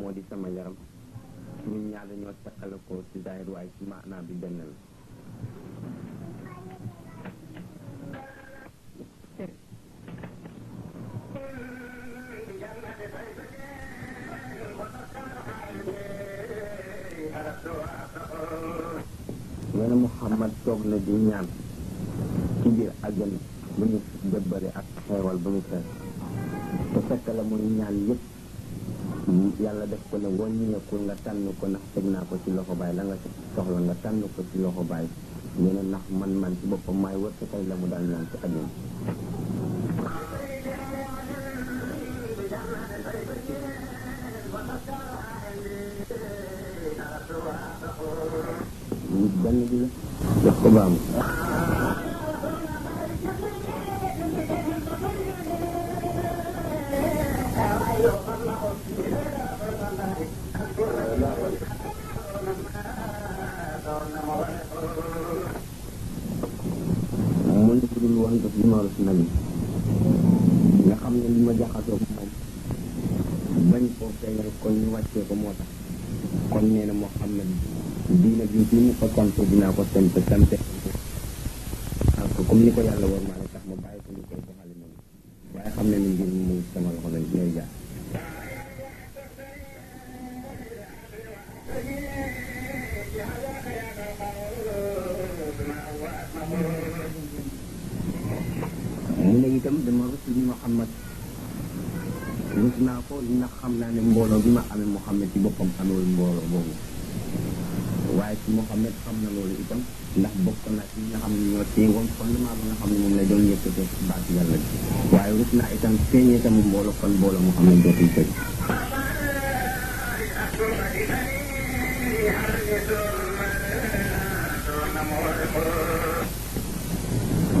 moo di sama yaram ñun ñaar dañoo teqale ko ci zahir waaye ci maanaa bi benn la neena Muhammad toog na di ñaan ci biir bu ñu dëbbare ak xeewal bu ñu fees te fekk la muy ñaan yépp yàlla def ko ne wàññeekul nga tànn ko ndax teg naa ko ci loxo baay la nga soxla nga tànn ko ci loxo baay ñu ne ndax man man ci boppam maay wër ci kay la mu daan naan ci àdduna benn bi la jox ko baam mooy bu dul woon daf li nga xam ne li ma jaxasoo moom bañ koo feeñal kon ñu wàccee ko moo tax kon nee na Muhammad diina bi li mu ko sant dinaa ko sant sant ak comme ni ko yàlla war maa fekkee baax yàlla bi waaye rus na itam feeñee tam mbooloo kon mbooloo moo xam ne dootul tëj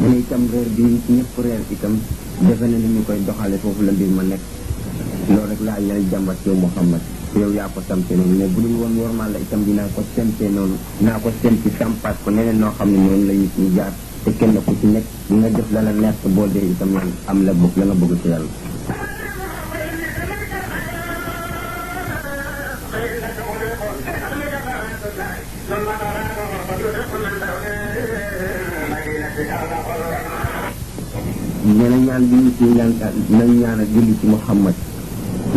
mu ne itam reer bi ñëpp reer itam defe na koy doxale foofu la mbir ma nekk loolu rek laa yàlla jàmbat yow Muhammad yow yaa ko samte noonu woon wormaal la itam dinaa ko samte noonu naa ko ko neneen noo xam ne noonu la jaar te kenn ku ci nekk dina def la la nekk boo dee itam am la la nga bëgg ci yàlla ñaan bi ñu ci ñaan nañ ñaanal julli ci Muhammad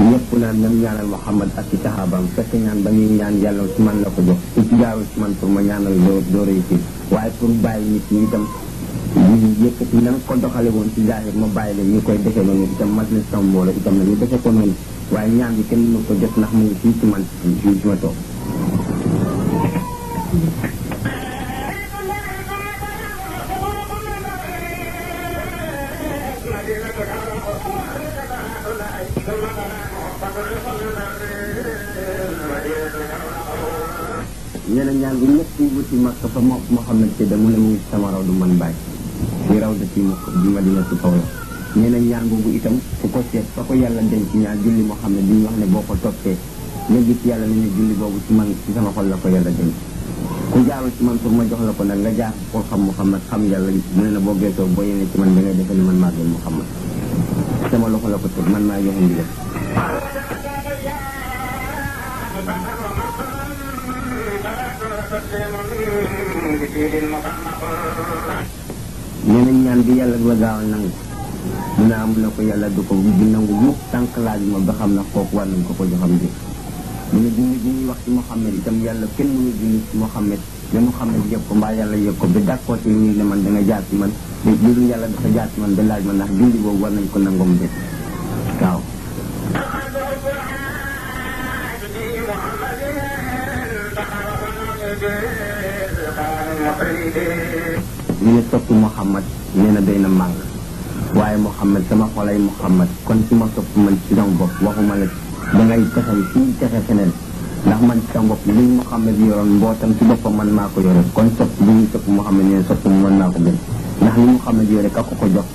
ñëpp naan nam ñaanal Muhammad ak ci saxaabaam fekk ñaan ba ñuy ñaan yàlla ci man la ko jox ku ci jaarul man pour ma ñaanal doo doo réussir waaye pour bàyyi nit ñi itam ñu yëkkati na nga ko doxale woon ci jaahir ma bàyyi leen ñu koy defee noonu itam mas na sama mbooloo itam la ñu defee ko noonu waaye ñaan bi kenn mënu ko jot ndax mu ngi fii ci man fii ci dafa mo Mouhamed Cissé mu ne sama raw du man bàyyi si raw da ci mukk di Madinatu Kaolack nee na ñaar boobu itam ku ko seet fa ko yàlla denc ñaar julli Mouhamed bi ñu wax ne boo ko toppee nga gis yàlla ne ne julli boobu ci man ci sama xol la ko yàlla denc ku jaarul ci man ma jox la ko nag nga jaar koo xam Mouhamed xam yàlla mu ne la boo geesoo boo yéene ci man da ngay defe ne man maa gën Mouhamed sama loxo la ko teg man maa joxe ndigal nee nañ ñaan bi yàlla dina gaaw a nangu mu ne am na ko yàlla du ko du nangu mukk tànk laaj ma ba xam na kooku war nañ ko ko joxam bi mu ne julli bi ñuy wax ci Muhammad itam yàlla kenn mënu julli ci Muhammad ne Muhammad yëg ko mbaa yàlla yëg ko ba d'accord ci ñu ne man da nga jaar ci man te loolu yàlla dafa jaar ci man ba laaj ma ndax julli boobu war nañ ko nangoom de topp Muhammad nee na day na màng waaye Muhammad sama xolay Muhammad kon ci ma topp man ci sama bopp waxuma la dangay texal kii texe feneen ndax man ci sama bopp li Muhammad yoroon mbootam ci boppam man maa ko yore kon topp bi ñuy topp Muhammad nee na topp mu mën naa ko gën ndax li Muhammad yore ka ko ko jox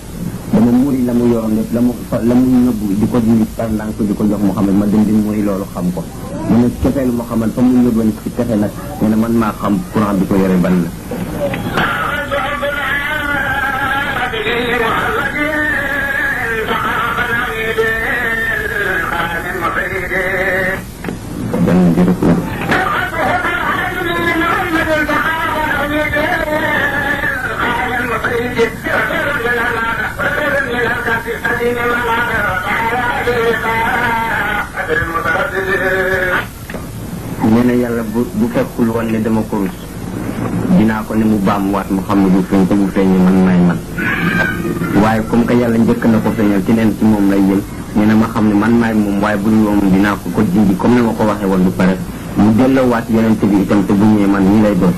dama yi la mu yoroon lépp la mu la mu nëbbu di ko dindi par ndànk di ko jox Muhammad ma dem di muri loolu xam ko mu ne cofeelu Muhammad fa mu yóbboon ci texe nag nee na man maa xam courant bi ko yore ban la nee na yàlla bu bu fekkul woon ne dama ko rus dinaa ko ne mu baax mu xam ne bu feeñ te bu feeñee man maay man waaye comme que yàlla njëkk na ko feeñal keneen ci moom lay jëm nee na ma xam ne man maay moom waaye bu dul woon dinaa ko ko jindi comme ne ma ko waxee wan bu pare mu waat yonent bi itam te bu ñëwee man ñii lay doon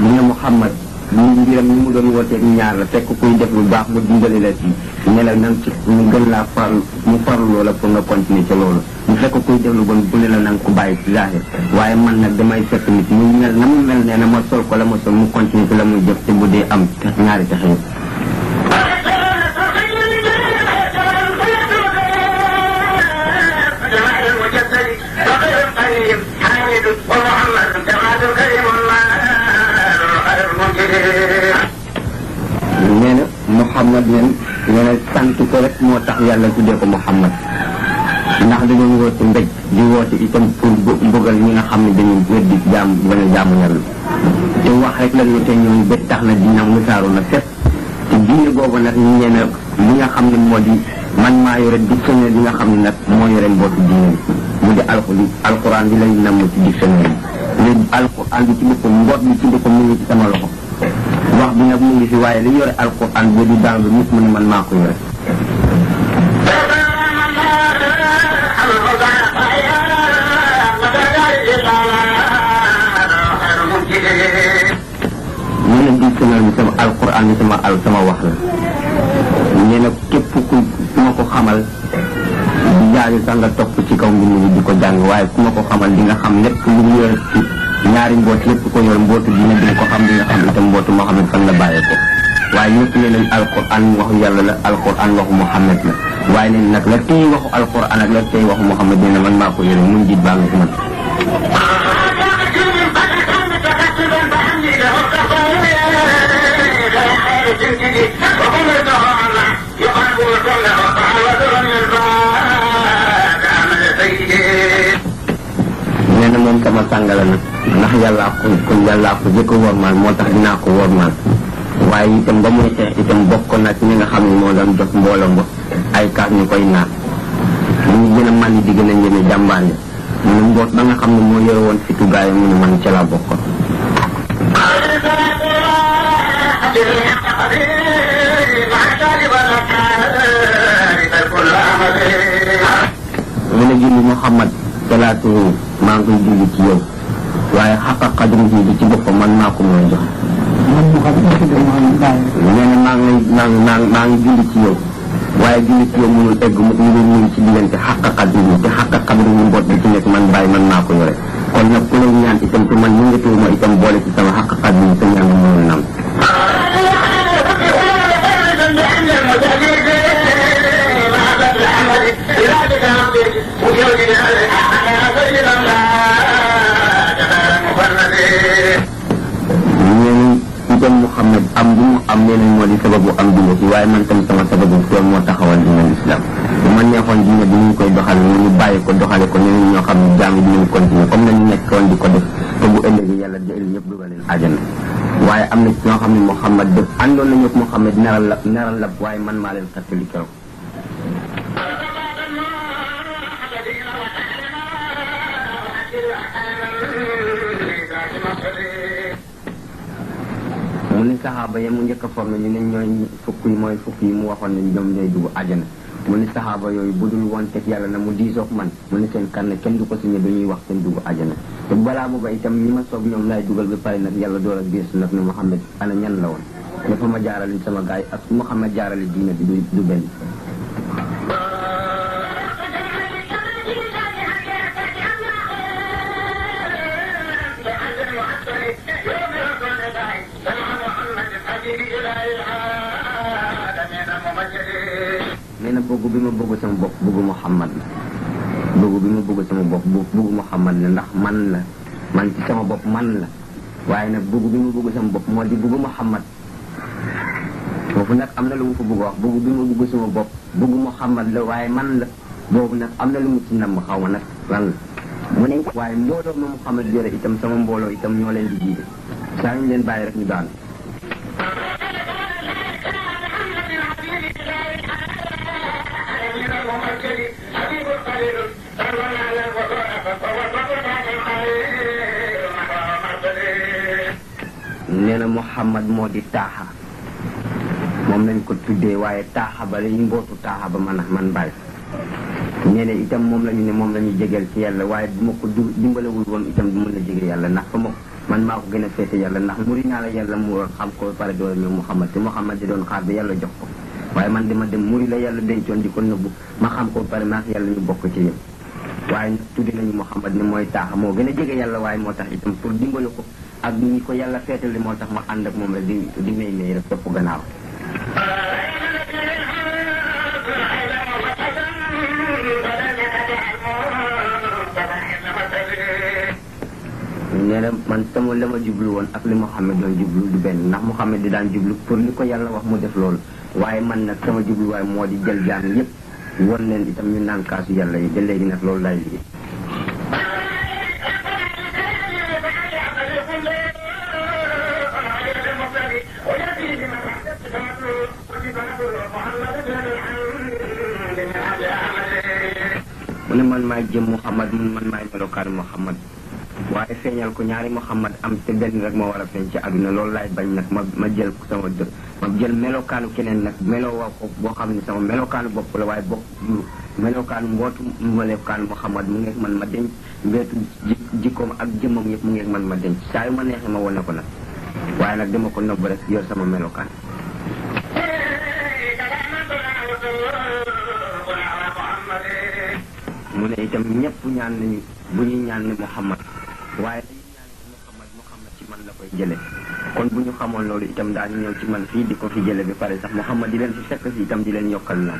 mu ne Muhammad mu mbiram ni mu doon wooteeg ñaar la fekk kuy baax mu dimbali la ci ne la nang ci mu gën laa farlu mu farlu loola pour nga continuer ci loolu bu fekk kuy def lu bon bu ne la nang ko bàyyi ci zahir waaye man nag damay fekk nit mu mel na mu mel ne na ma sol ko la ma sol mu continuer ci la muy jëf te bu dee am ñaari texe yi Yeah. Muhammad leen nee sant ko moo tax yàlla tuddee ko Muhammad ndax dañoo woote mbéj di woote itam pour mbugal ñi nga xam ne dañuy weddi jaam bañ a jaamu yàlla wax rek la ñu te ñoom ba tax na dinaam na set te na li xam ne moo di man maa yore dictionnaire bi nga xam ne nag moo yore mbootu diine bi mu di al bi lañ namm ci dictionnaire bi léegi alquran bi ci boppam mboot bi ci boppam mu ngi sama loxo wax bi nag mu ngi fi waaye li yore alquran ba di daanu nit mu ne man maa ko yore. ñu ne sama sama alquran bi sama al sama wax la nee képp ku ma ko xamal. jaaju sax nga topp ci kaw mbir mi di ko jàng waaye ku ma ko xamal di xam lépp lu yore ci. ñaari mboot yëpp ko yor mbootu dina di ko xam di nga xam itam mbootu Muhammad fan la bàyyee ko waaye ñëpp ne leen alquran waxu yàlla la alquran waxu Muhammad la waaye leen nag la tey waxu alquran ak la tey waxu Muhammad dina man maa ko yore mun jiit baa nga fi man nee na moom sama sàng la ndax yàllaa ko kon yàllaa ko jëkk wormaal moo tax dinaa ko wormaal waaye itam ba muy xeex itam bokk na ci nga xam ne moo doon jox gën a mboot ba xam ne moo yore woon fitu gaayam mu ne man ca laa bokkoon mu ne julli Muhammad salaatu maa ngi koy ci yow waaye xaqa xadru bi ci boppam man maa ko mën a joxe. man mu xam ne maa ngi maa ngi maa yow. waaye julli ci yow mënul egg mu ngi ci diggante xaqa xadru bi te xaqa xadru bi mboot bi ci nekk man bàyyi man maa ko yore. kon nag ku lay ñaan itam te man yëngatuwuma itam boole ci sama xaqa xadru bi te ñaan mënul nam doom Muhammad am bu mu am nee nañ moo di sababu am dina bi waaye man tam sama sababu loolu moo taxawal dina islam bu ma neexoon dina bi ñu koy doxal ñu bàyyi ko doxale ko ñeneen ñoo xam ne jaam yi dinañ continuer comme nañ nekkoon di ko def te bu ëllëgee yàlla jël ñëpp dugal leen àjjana waaye am na ci ñoo xam ne Muhammad def àndoon nañu ak Muhammad naral la naral la waaye man maa leen xettali keroog mu ni saxaaba ya mu njëkk a formé ñu ne ñooy fukk yi mooy fukk yi mu waxoon ne ñoom ñooy dugg àjjana mu ni saxaaba yooyu bu dul woon teg yàlla na mu diisoog man mu ni seen karne kenn du ko signé dañuy wax seen dugg àjjana te balaa booba itam ñi ma soog ñoom laay dugal ba pare nag yàlla door a gis nag ne Muhammad ana ñan la woon dafa ma jaarale sama gaay ak Muhammad jaarale diina bi du benn bëgg bi ma bëgg sama bopp bëgg Muhammad la bëgg bi ma bëgg sama bopp bëgg Muhammad la ndax man la man ci sama bopp man la waaye nag bëgg bi ma bëgg sama bopp moo di bëgg Muhammad foofu nag am na lu mu fa bëgg wax sama bopp bëgg Muhammad la waaye man la boobu nag am na lu mu ci namm xaw ma nag lan la mu ne waaye mbooloo ma Muhammad jëre itam sama mbooloo itam ñoo leen di jiite saa ñu leen bàyyi rek ñu daanu nee na Muhammad moo di taaxa moom lañ ko tuddee waaye taaxa ba lañu mbootu taaxa ba man man bàyyi nee na itam moom lañu ne moom la ñu jegeel ci yàlla waaye duma ma ko dimbalewul woon itam du mën a jege yàlla ndax fa ma man maa ko gën a féete yàlla ndax muri naa la yàlla mu xam ko ba pare doole ñoom Muhammad te Muhammad di doon xaar ba yàlla jox ko waaye man dama dem muri la yàlla dencoon di ko nëbbu ma xam ko ba pare maa yàlla ñu bokk ci yëpp waaye nag tuddi nañu Muhammad ni mooy taax moo gën a jege yàlla waaye moo tax itam pour dimbali ko ak ñi ko yàlla feetali moo tax ma ànd moom rek di di may may rek topp gannaaw. nee na man sama la ma woon ak li Muhammad doon jublu du benn ndax mu xam ne di daan jublu pour li ko yàlla wax mu def loolu waaye man nag sama jubluwaay moo di jël jaam yépp won leen itam ñu naan kaasu yàlla yi ba léegi nag loolu laay liggéey. mu ne man maay jëm Muhammad mun man maay melokaanu Muhammad waaye feeñal ko ñaari Muhammad am te benn rek moo war a feeñ ci àdduna loolu laay bañ nag ma ma jël sama dëkk. ma jël melokaanu keneen nag melo wa ko boo xam ne sama melokaanu bopp la waaye bopp melokaanu mbootu melokaanu Muhammad mu man ma denc jikkoom ak jëmmam yëpp mu ngeeg man ma denc saa yu ma neexee ma wane ko nag waaye nag dama ko nëbb rek yor sama melokaan mu ne itam ñëpp ñaan nañu bu ñuy ñaan ne Muhammad waaye dañuy ñaan ne Muhammad Muhammad ci man la koy jële kon bu ñu xamoon loolu itam daañu ñëw ci man fii di ko fi jële bi pare sax Mouhamad di leen si fekk si itam di leen yokkal la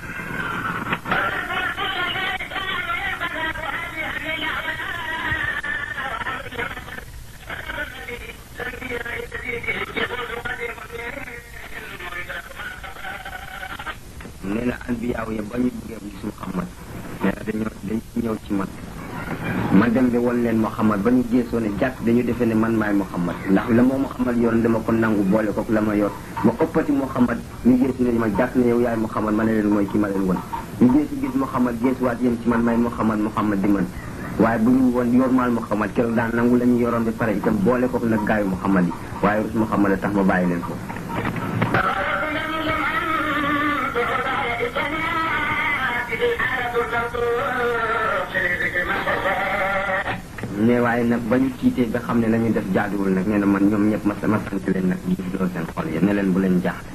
ne woon leen Muhammad ba ñu geesoo ne jàkk dañu defee ne man maay Muhammad ndax la moo Muhammad yoon dama ko nangu boole kook la ma yor ma ëppati Muhammad ñu geesu ne ma jàkk ne yow yaay Muhammad ma ne leen mooy ki ma leen woon ñu geesu gis Muhammad geesuwaat yem ci man maay Muhammad Muhammad di man waaye bu ñu woon yormaal Muhammad keroog daan nangu la ñu yoroon ba pare itam boole kook nag gaayu Muhammad yi waaye rus Muhammad a ma bàyyi leen ko ne waaye nag ba ñu tiitee ba xam ne na ñuy def jaaduwul nag nee na man ñoom ñëpp ma sama sant leen nag gis loolu seen xol yi ne leen bu leen jaaxle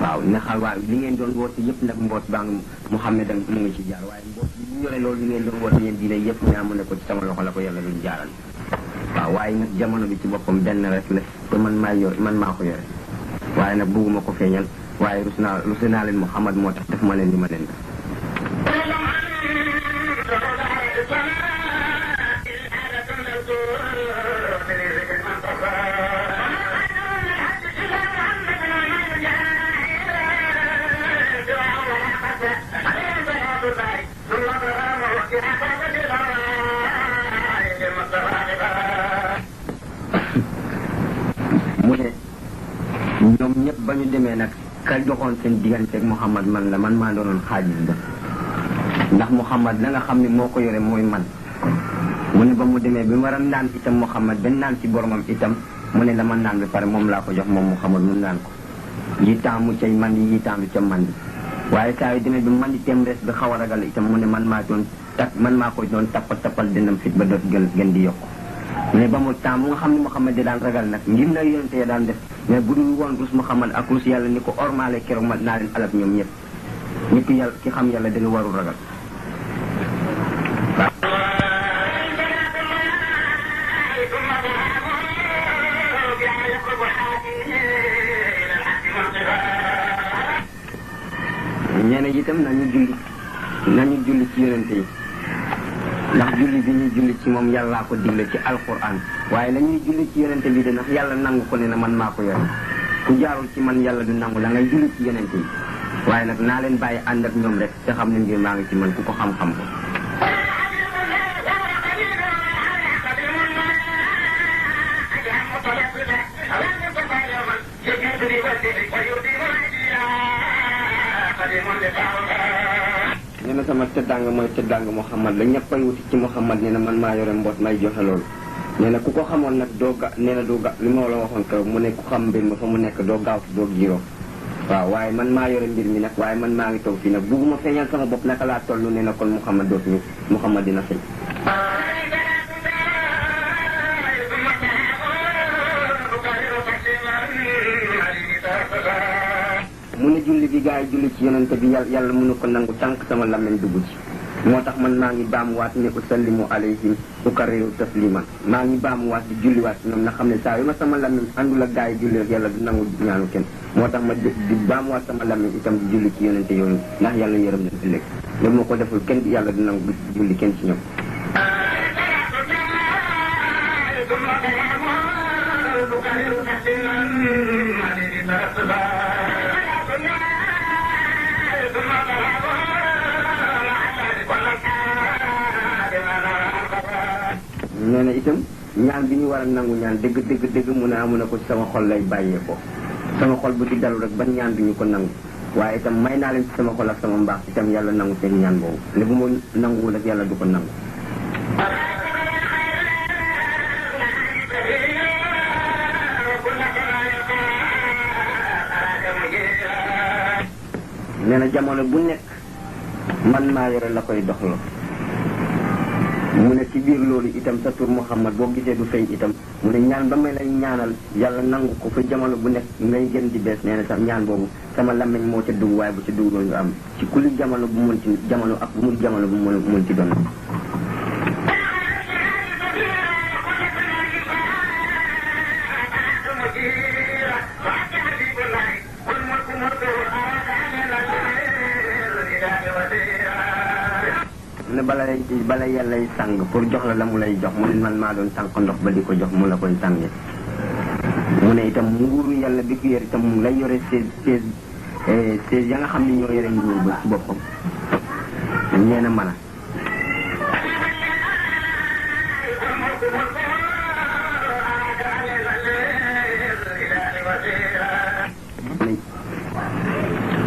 waaw ne xal waaw li ngeen doon woote yëpp nag mboot baa ngi Muhammad da mu ngi ci jaar waaye mboot bi ñu li ngeen doon woote yéen diine yëpp ñaa mu ne ko ci sama loxo la ko yàlla duñ jaaral waaw waaye nag jamono bi ci boppam benn rek la te man maa yor man maa ko yore waaye nag bëgguma ko feeñal waaye rus naa rus naa leen Muhammad moo tax def ma leen li ma leen def mu ne ñoom ñépp ba ñu demee nag ka doxoon seen digganteeg Mouhamad man la man maa doonoon xaalis ba ndax Mouhamad la nga xam ni moo ko yore mooy man mu ne ba mu demee bi mu war a naan itam ma ba naan ci boromam itam mu ne dama naan bi pare moom laa ko jox moom Muhammad mu naan ko yi temps mu cay mandi yi temps du ca mandi waaye saa yu demee bi mandi teem res bi xaw a ragal itam mu ne man maa doon tak man maa ko doon tappa tappal dënam fit ba doot gën gën di yokku mais ba mu temps mu nga xam ne Muhammad di daan ragal nag ngir na yonente ya daan def mais bu dul woon rus Muhammad ak rus yàlla ni ko ormaale keroog ma naa leen alab ñoom ñëpp nit ki yàlla ki xam yàlla danga warul ragal itam nañu julli nañu julli ci yonente yi ndax julli bi ñuy julli ci moom yàllaa ko digle ci alquran waaye la ñuy julli ci yonente bi de ndax yàlla nangu ko ne na man maa ko yore ku jaarul ci man yàlla du nangu la ngay julli ci yonente yi waaye nag naa leen bàyyi ànd ak ñoom rek te xam ne mbir maa ngi ci man ku ko xam-xam ko man sama tëddanga mooy tëddanga Muhammad la ñëppay wuti ci Muhammad ne na man maa yore mboot may joxe loolu nee na ku ko xamoon nag doo ga nee na li ma la waxoon kaw mu ne ku xam mbir ma fa mu nekk doo gaawtu doo jiiroo waaw waaye man maa yore mbir mi nag waaye man maa ngi toog fii nag bugguma feeñal sama bopp naka laa toll nee na kon Muhammad dootuñu Muhammad dina feeñ julli gi gaa yi julli ci yonente bi yàlla yàlla mënu ko nangu tànk sama làmmiñ dugg ci moo tax man maa ngi baamuwaat ne usallimu alayhim ukarriru taslima maa ngi baamuwaat waat julliwaat ñoom na xam ne saa yu ma sama làmmiñ àndul ak gaa yi julli rek yàlla du nangu ñaanu kenn moo tax ma di baamuwaat sama làmmiñ itam di julli ci yonente yooyu ndax yàlla yërëm na ëllëg loolu moo ko deful kenn di yàlla du nangu julli ci ñoom nee na itam ñaan bi ñuy war a nangu ñaan dëgg dëgg dëgg mu ne amu a ko sama xol lay bàyyee ko sama xol bu ci dalu rek ban ñaan bi ñu ko nangu waaye itam may naa leen ci sama xol ak sama mbaax itam yàlla nangu seen ñaan boobu ne bu ma yàlla du ko nangu jamono bu nekk man maa yore la koy doxlo mu ne si biir loolu itam sa tur Muhammad boo gisee du feeñ itam mu ne ñaan ba ma lay ñaanal yàlla nangu ko fa jamono bu nekk ngay gën di bees nee sax ñaan boobu sama làmmiñ moo ca dugg waaye bu ca dugg loolu nga am ci kulli jamono bu mun ci jamono ak bu muy jamono bu mun ci doon bala lay bala yàllay sàng pour jox la la mu lay jox mu ne man maa doon sànq ndox ba di ko jox mu la koy sànge mu ne itam nguuru yàlla bi ko yor itam lay yore sées sées eh, sées ya nga xam ne ñoo yore nguur ba ci boppam ñeena mën a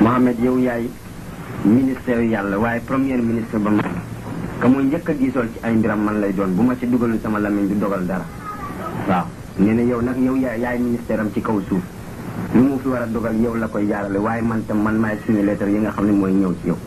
Mohamed yow yaay ministère yàlla waaye premier ministre ba mu ka muy njëkk a ci ay mbiram man lay doon bu ma ci dugalul sama lamiñ du dogal dara waaw nee na nag yow yaay ministère am ci kaw suuf lu mu fi war a dogal yow la koy jaarale waaye man tam man maay suñu lettre yi nga xam ne mooy ñëw ci yow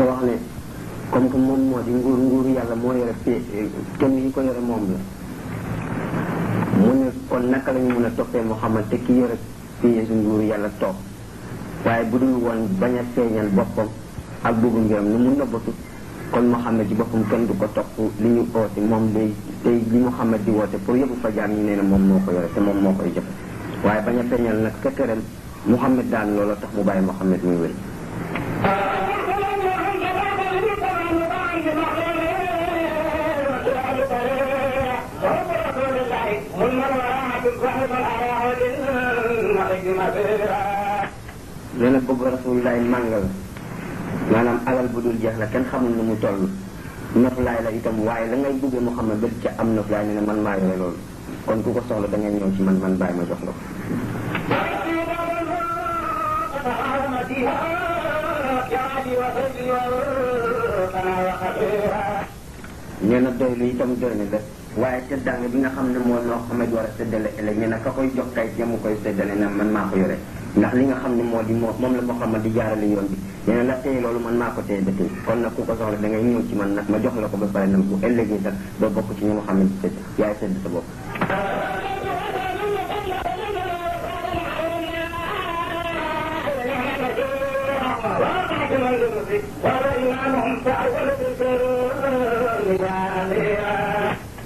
dafa wax ne comme que moom moo di nguur nguuru yàlla moo yore fee kenn yi ko yore moom la mu ne kon naka lañu mën a toppee Muhammad te ki yore fee su nguuru yàlla toog waaye bu dul woon bañ a feeñal boppam ak bëggu ngiram ni mu nëbbatu kon Muhammad ci boppam kenn du ko topp li ñu oote moom day day li Muhammad di woote pour yóbbu fa jaam ñi nee na moom moo ko yore te moom moo koy jëf waaye bañ a feeñal nag ka këram Muhammad daal loola tax mu bàyyi Muhammad muy wér loola bëgg rasulullaay màngal maanaam alal bu dul jeex la kenn xamul nu mu toll noflaay la itam waaye la ngay bëggee Muhammad ba ca am noflaay ne ne man maa yore loolu kon ku ko soxla da ngay ñëw ci man man bàyyi ma jox la ko nee na doy lu itam doy na waaye teddaange bi nga xam ne moo loo xam war a séddale ëllëg ne na ka koy jox kay jëm koy séddale na man maa ko yore ndax li nga xam ne moo di moom la Muhammad di jaarale yoon bi nee na la tey loolu man maa ko tey ba tey kon ku ko soxla ngay ñëw ci man nag ma jox la ko ba pare nag bu ëllëg yi sax doo xam ne sedd yaay sedd sa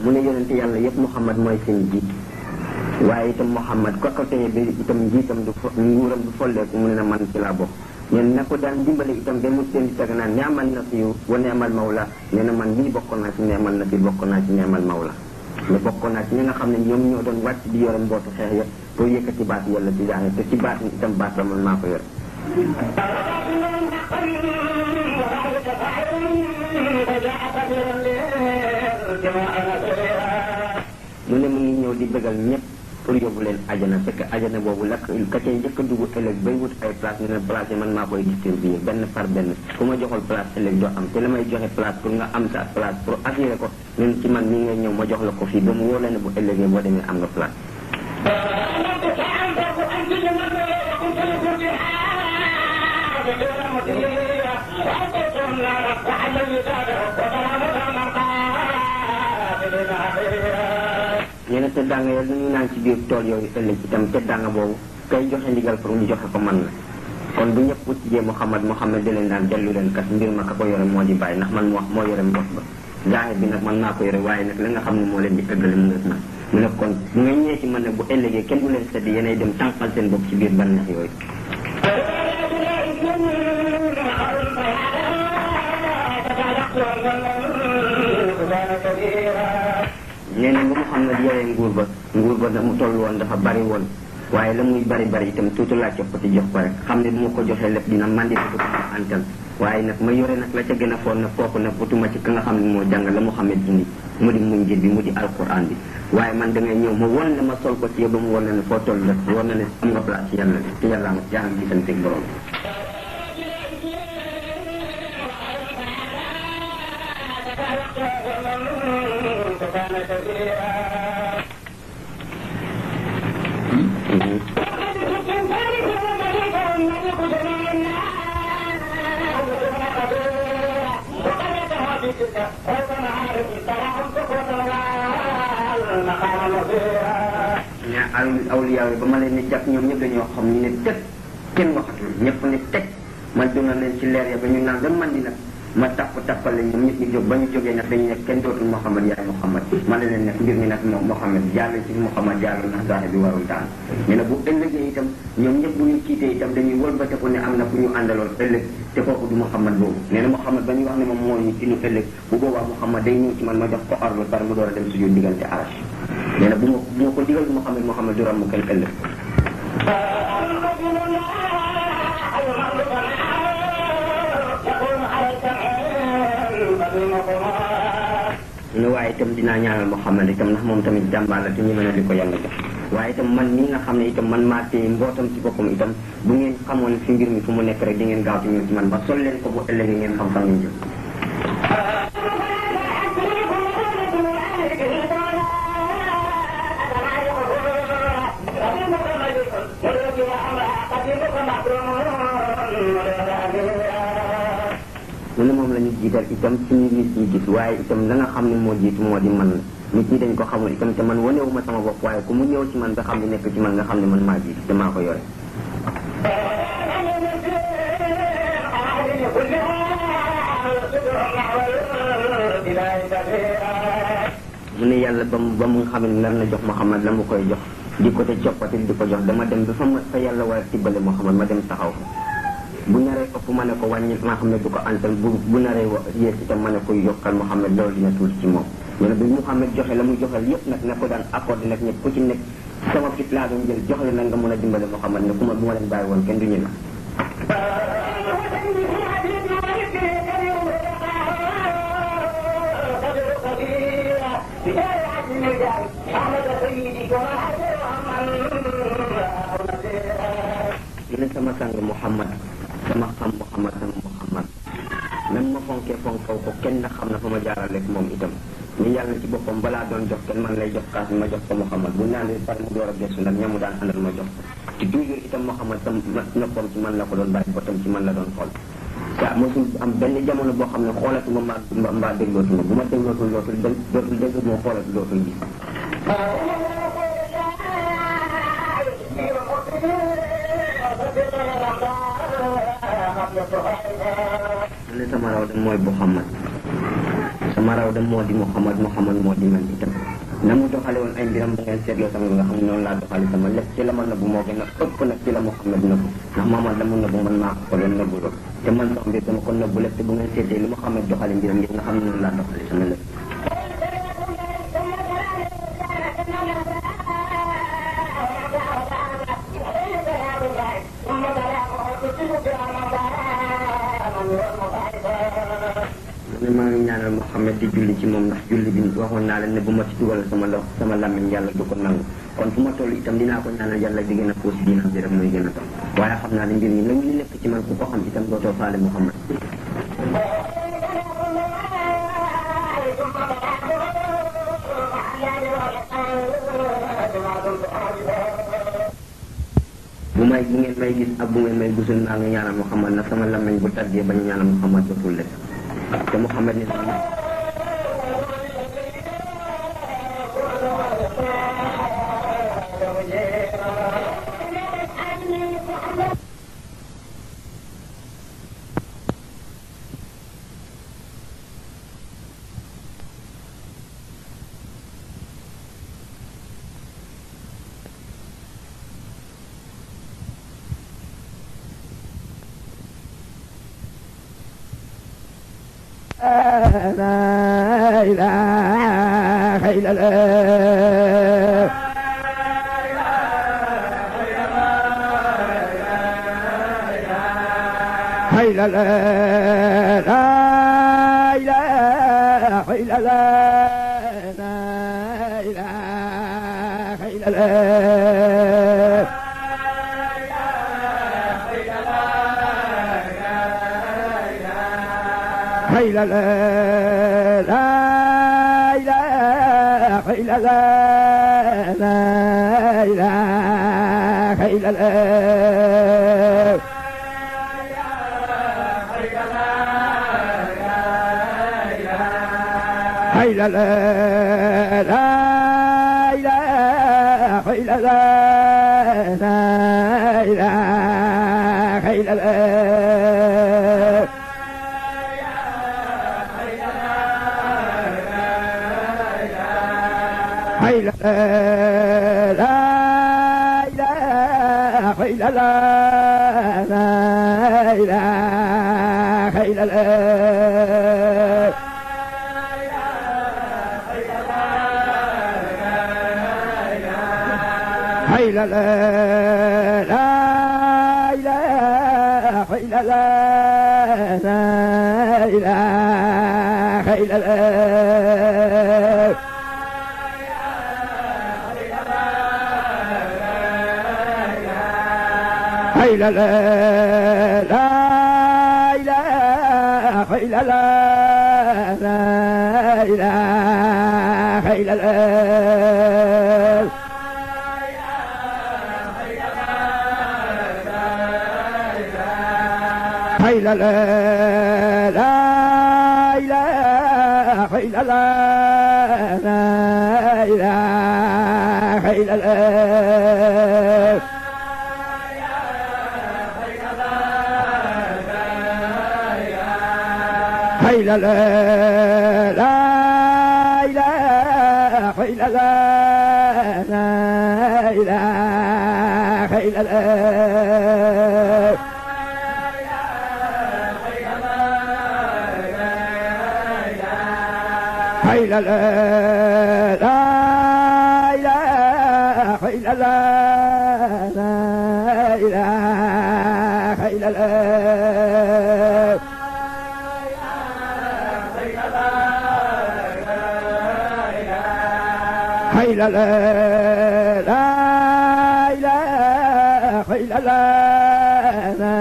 mu ne yonent yàlla yëpp Muhammad mooy seen jiit waaye itam Muhammad ko ko téye ba itam njiitam du fo nguuram du folleeku mu ne na man ci laa bokk ñen na ko daan dimbale itam ba mu seen di tag naan neemal na fi wa neemal mawla nee na man lii bokk naa ci neemal na fi bokk naa ci neemal mawla ne bokk naa ci ñi nga xam ne ñoom ñoo doon wàcc di yore mbootu xeex ya pour yëkkati baat yàlla ci daane te ci baat itam baat la man maa ko yore ñëw di bëggal ñëpp pour yóbbu leen ajana fekk ajana boobu lakk ka cay a dugg man maa koy distribuer benn par ma joxul place ëllëg doo may joxe place pour nga am sa place pour assurer ko ñun ci ma jox la ko fii ba mu wóor la ne bu ëllëgee boo demee am nga place teddaanga ya dañuy naan ci biir tool yooyu ëllëg itam teddaanga boobu kay joxe ndigal pour ñu joxe ko man la kon bu ñëpp utijee Muhammad Muhammad da leen daan lu leen kat mbir ma ka ko yore moo di bàyyi ndax man wax moo yore mbos ba zaahir bi nag man naa ko yore waaye nag la nga xam ne moo leen di ëggale mu ngi man mu ne kon bu nga ñëwee ci man nag bu ëllëgee kenn du leen sedd yéenay dem tànqal seen bopp ci biir banneex yooyu كبيرا nee na ba Muhammad yoree nguur ba nguur ba mu toll woon dafa bari woon waaye la muy bari bari itam tuuti laa jox ko ci jox ko rek xam ne bu ma ko joxee lépp dina mandi ko ma antal waaye nag ma yore nag la ca gën a ne nag kooku nag utuma ci ka nga xam ne moo jàng la Muhammad indi mu di munjir bi mu di alquran bi waaye man da ngay ñëw ma wan la ma sol ko ci yow ba mu wan la ne foo toll rek wan la ne am nga place yàlla te yàlla ma jàng gisante borom كان كثيرا وقد كنتم ذلك الملك الملك جميع الناس وقد يتها بك فوق معارف تراهم سقوطا المقام مصيرا awliyaa yi ba ma leen di jàpp ñoom ñëpp dañoo xam ñu ne tëpp kenn waxatul ñëpp ne teg ma duna leen ci leer ya ba ñu naan ba man di nag ma tàpp tàppal leen ñoom ñëpp ñu jóg ba ñu jógee nag dañu ne kenn dootul Mouhamad yaay Mouhamad man la leen nekk mbir mi nag moom Mouhamad jàll ci Mouhamad jàll ndax daane bi warul daan ñu ne bu ëllëgee itam ñoom ñëpp bu ñu kiitee ne am na ku ñu àndaloon ëllëg te kooku du Mouhamad boobu nee na Mouhamad ba ñuy wax ne moom moo ñu ci ñu ëllëg bu boobaa Mouhamad day ñëw ci man ma jox ko arlu par mu door a dem suñu diggante arache nee na bu ma bu ma ko digal Mouhamad Mouhamad du ràmm kenn nu waaye itam dinaa ñaanal Muhammad itam ndax moom tamit jàmbaar la te ñu mën a di ko yàlla jox waaye itam man nii nga xam ne itam man maa téye mbootam ci boppam itam bu ngeen xamoon fi mbir mi fu mu nekk rek di ngeen gaaw ci ñëw man ba sol leen ko bu ëllëgee ngeen xam-xam ñu jëm jiital itam suñu gis yi gis waaye itam la nga xam ne moo jiitu moo di man nit ñi dañ ko xamul itam te man wanewuma sama bopp waaye ku mu ñëw ci man nga xam ne nekk ci man nga xam ne man maa jiitu te maa ko yore mu ne yàlla ba mu ba mu nga xam ne lan la jox Muhammad la mu koy jox di ko te coppati di ko jox dama dem ba fa ma fa yàlla war a tibbale Muhammad ma dem taxaw fa bu naree ëpp ma ne ko wàññi Muhammad du ko antal bu bu naree wa yées itam ma ne ko yokkal Muhammad loolu dina tuuti ci moom nee na bi Muhammad joxe la mu joxel yépp nag na ko daan accordé nag ñëpp ku ci nekk sama fit laa doon jël jox nga mën a dimbale Muhammad ne ku ma bu ma leen bàyyi woon kenn du ñu la sama sang Muhammad dama xam Muhammad dama Muhammad même ma fonkee fonkaw ko kenn na xam na fa ma jaaraleeg moom itam ñu yàlla ci boppam balaa doon jox kenn man lay jox kaas ma jox ko Muhammad bu naan par mu door a gestu nag ñamu daan àndal ma jox ko te toujours itam Muhammad tam noppam ci man la ko doon bàyyi botam ci man la doon xool waaw mosul am benn jamono boo xam ne xoolatuma mbaa mbaa déglootuma bu ma déglootul lootul dé dootul dégg moo xoolatu lootul gis. waaw. li sama da mooy Muhammad sama raw da moo Muhammad Muhammad moo man itam na mu doxale woon ay mbiram da ngeen seetloo sama nga xam ne laa doxale sama lépp ci la ma nëbbu moo gën a ëpp nag ci la Muhammad nëbbu ndax Muhammad la mu nëbbu man maa ko ko doon nëbbu te man sama mbir dama ko nëbbu lépp te bu ngeen seetee li Muhammad doxale mbiram nga xam ne laa doxale sama lépp dinaa ko ñaanal yàlla di gën a puus diinam bi rek muy gën a toog waaye xam naa ne mbir mi la mu nekk ci man ku ko xam itam dootoo faale Muhammad bu may bu ngeen may gis ak bu ngeen may gisul naa ngi ñaanal Muhammad na sama lamañ bu tàggee bañ ñaanal Muhammad dootul lekk te Muhammad ne حيل لا لا إله إلا لا لا إله إلا لا حيل لا لا إله إلا لا لا إله إلا لا إلا لا لا إله إلا لا لا إله إلا لا حيل لا إله إلا لا لا إله إلا لا إلا الله لا إله إلا الله لا إله إلا الله إلا الله لا إله إلا الله لا إله إلا الله إلا الله لا إله إلا الله لا إله إلا الله إلا الله لا إله إلا الله لا إله إلا الله إلا الله لا إله إلا الله لا إله إلا الله إلا الله لا إله إلا الله لا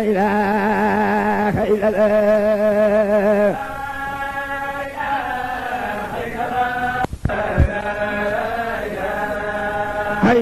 إله إلا الله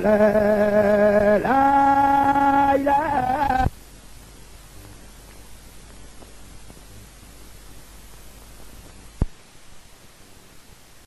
la